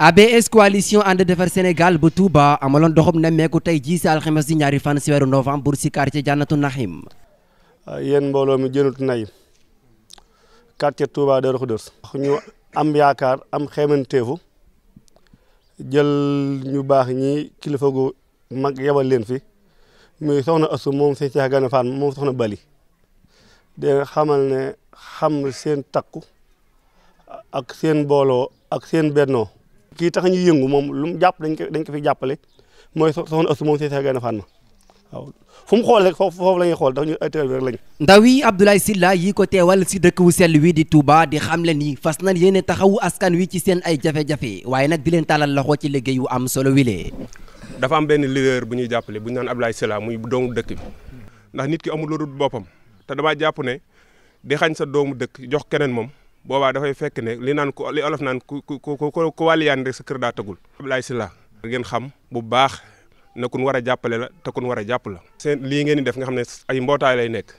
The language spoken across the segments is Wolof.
ABS coalition ànd defar Sénégal bu Touba amaloon doxum nemmeeku tey jii si alxames di ñaari fan si weeru novembre si quartier Jannatu Naxim. Ah, yéen mbooloo mu jënut nay quartier Touba Darou Khoudoss. ñu am yaakaar am xeemanteefu jël ñu baax ñi kilifa gu mag yabal leen fi muy soxna Assou moom seen Cheikh Gana Fane moom soxna Bali de xamal ne xam seen takku ak seen mbooloo ak seen bennoo. kii tax ñu yëngu moom lu mu jàpp dañ ko dañ ko fi jàppale mooy soxna Astou moom si sa gën a fànn waaw fu mu xool rek foofu la xool dafa ñu ay teewal rek ndaw yi Abdoulaye Sylla yi ko teewal si dëkk wu sell wi di Touba di xam le nii fas na yéene taxawu askan wi ci seen ay jafe-jafe waaye nag di leen tàllal loxo ci liggéey wu am solo wile. dafa am benn leader bu ñuy jàppale bu ñu naan Abdoulaye Sylla muy doomu dëkk bi ndax nit ki amul lu boppam te damaa jàpp ne di xañ sa doomu dëkk jox keneen moom boobaa dafay fekk ne li naan ko li olof naan ku ku ku ku wàlliyaan rek sa kër daa tagul Abdoulaye Sylla ngeen xam bu baax na kun war a jàppale la te kun war a jàpp la seen lii ngeen di def nga xam ne ay mbootaay lay nekk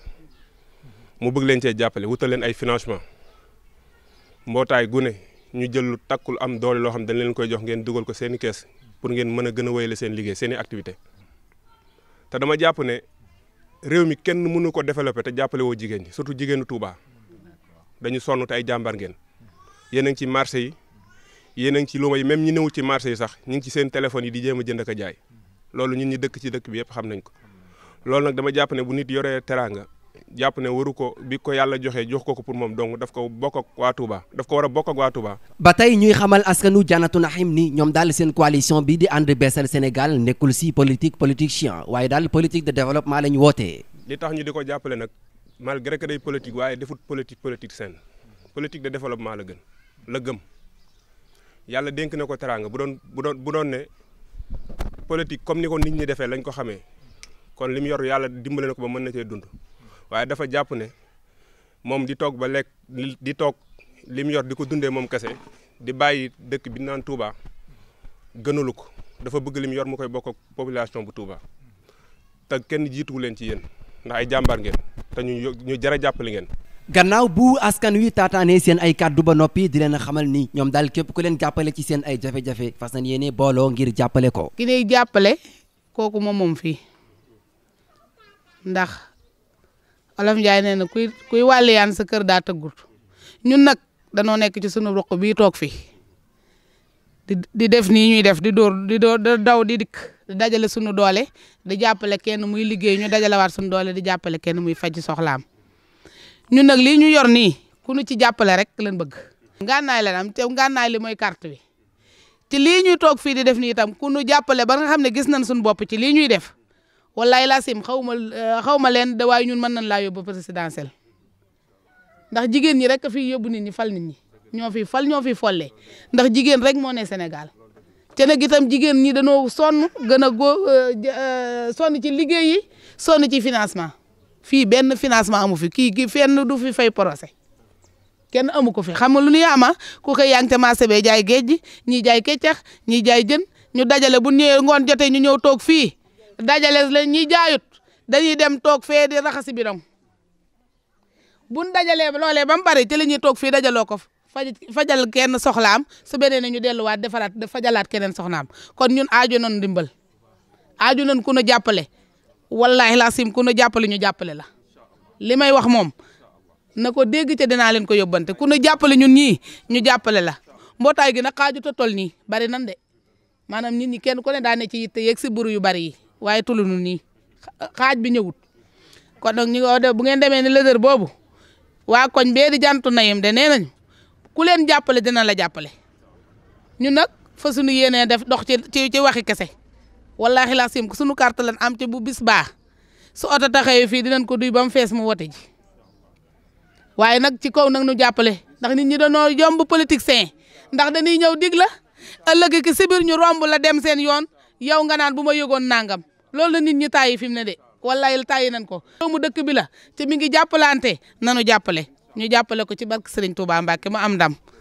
mu bëgg leen jàppale wutal leen ay financement mbootaay gune ñu jël lu takkul am doole loo xam dañ leen koy jox ngeen dugal ko seen i kees pour ngeen mën a gën a seen liggéey seen i activité te dama jàpp ne réew mi kenn mënu ko développé te jàppale woo jigéen ñi surtout jigéenu Touba dañu sonn ay jàmbar ngeen yéen a ci marché yi yéen a ci luuma yi même ñi newul ci marché yi sax ñu ngi ci seen téléphone yi di jéem jënd ak a jaay loolu ñun ñi dëkk ci dëkk bi yëpp xam nañ ko loolu nag dama jàpp ne bu nit yore teraanga jàpp ne waru ko bi ko yàlla joxee jox ko ko pour moom donc daf ko bokk ak waa Touba ko war a bokk ak waa Touba. ba tey ñuy xamal askanu Janatu Naxim ni ñoom daal seen coalition bi di ànd beesal Sénégal nekkul si politique politique chien waaye daal politique de développement la wootee. li tax ñu di ko jàppale nag malgré que day politique waaye defut politique politique seen politique de développement la gën la gëm yàlla dénk na ko teraanga bu doon bu doon bu doon ne politique comme ni ko nit ñi defee lañ ko xamee kon li mu yor yàlla dimbale na ko ba mën na cee dund waaye dafa jàpp ne moom di toog ba lekk di toog li yor di ko dundee moom kese di bàyyi dëkk bi naan Touba gënulu ko dafa bëgg li mu yor mu koy bokk ak population bu Touba te kenn jiituwu leen ci yéen ndax ay jàmbaar ngeen. te ñu ñu jara jàppale ngeen gannaaw bu askan wi taataanee seen ay kàddu ba noppi di leen xamal ni ñoom daal képp ku leen jàppale ci seen ay jafe-jafe fas na yéene booloo ngir jàppale ko ki lay jàppale kooku moom moom fii ndax Olof Njaay nee na kuy kuy wàlliyaan sa kër daa tëggut ñun nag danoo nekk ci sunu roq bii toog fi di def nii ñuy def di dóor di daw di dikk di dajale suñu doole di jàppale kenn muy liggéey ñu dajalewaat suñu doole di jàppale kenn muy faj soxlaam ñun nag lii ñu yor nii ku ñu ci jàppale rek lañ bëgg. ngànnaay la am te ngànnaay li mooy carte bi ci lii ñuy toog fii di def nii itam ku ñu jàppale ba nga xam ne gis nañ suñu bopp ci lii ñuy def wallaay laasim xaw ma eh, xaw ma leen de waaye ñun mën nañ laa yóbbu présidentiel ndax jigéen ñi rek fi yóbbu ni ñi fal nit ñi ñoo fi fal ñoo fi folle ndax jigéen rek moo ne Sénégal. te nag itam jigéen ñi dañoo sonn gën a góo euh, euh, sonn ci liggéey yi sonn ci financement fii benn financement amu fi kii kii fenn du fi fay procès kenn amu ko fi xam nga lu ñuy ama ku koy yaa ngi te marché bee jaay géej gi ñii jaay keccax ñii jaay jën ñu dajale bu ñëwee ngoon jotee ñu ñëw toog fii dajale la ñi jaayut dañuy dem toog fee di raxasi biram buñ dajalee loolee ba mu bari ci la ñuy toog fii dajaloo ko fa faj fajal kenn soxlaam su beneen ñu delluwaat defaraat fajalaat keneen soxnaam kon ñun aaju nañu dimbal aaju nañu ku ñu jàppale wallaahi laasim ku ñu jàppale ñu jàppale la li may wax moom na ko dégg te dinaa leen ko yóbbante ku jàppale ñun ñii ñu jàppale la mbootaay gi nag xaaju tool nii bari nan de maanaam nit ñi kenn ku ne daa ci yitte yeeg si buru yu bari yi waaye tulunu nii xaaj bi ñëwut kon nag ñu bu ngeen demee ni lëdër boobu waa koñ bee di jantu nayim de nee nañu ku leen jàppale dina la jàppale ñun nag fa suñu yéenee def dox ci ci ci waxi kese wallaahi laa sim suñu carte lan am ci bu bis baax su oto taxawee fii dinañ ko duy ba fees mu wote ji waaye nag ci kaw nag nu jàppale ndax nit ñi dañoo yomb politicien ndax dañuy ñëw dig la ëllëg ki si biir ñu romb la dem seen yoon yow nga naan bu ma yegoon nangam loolu la nit ñi tàyyi fi mu ne de wallaahi tàyyi nañ ko. mu dëkk bi la te mi ngi jàppalante nanu jàppale. ñu jàppale ko ci barke Serigne Touba Mbacke mu am ndam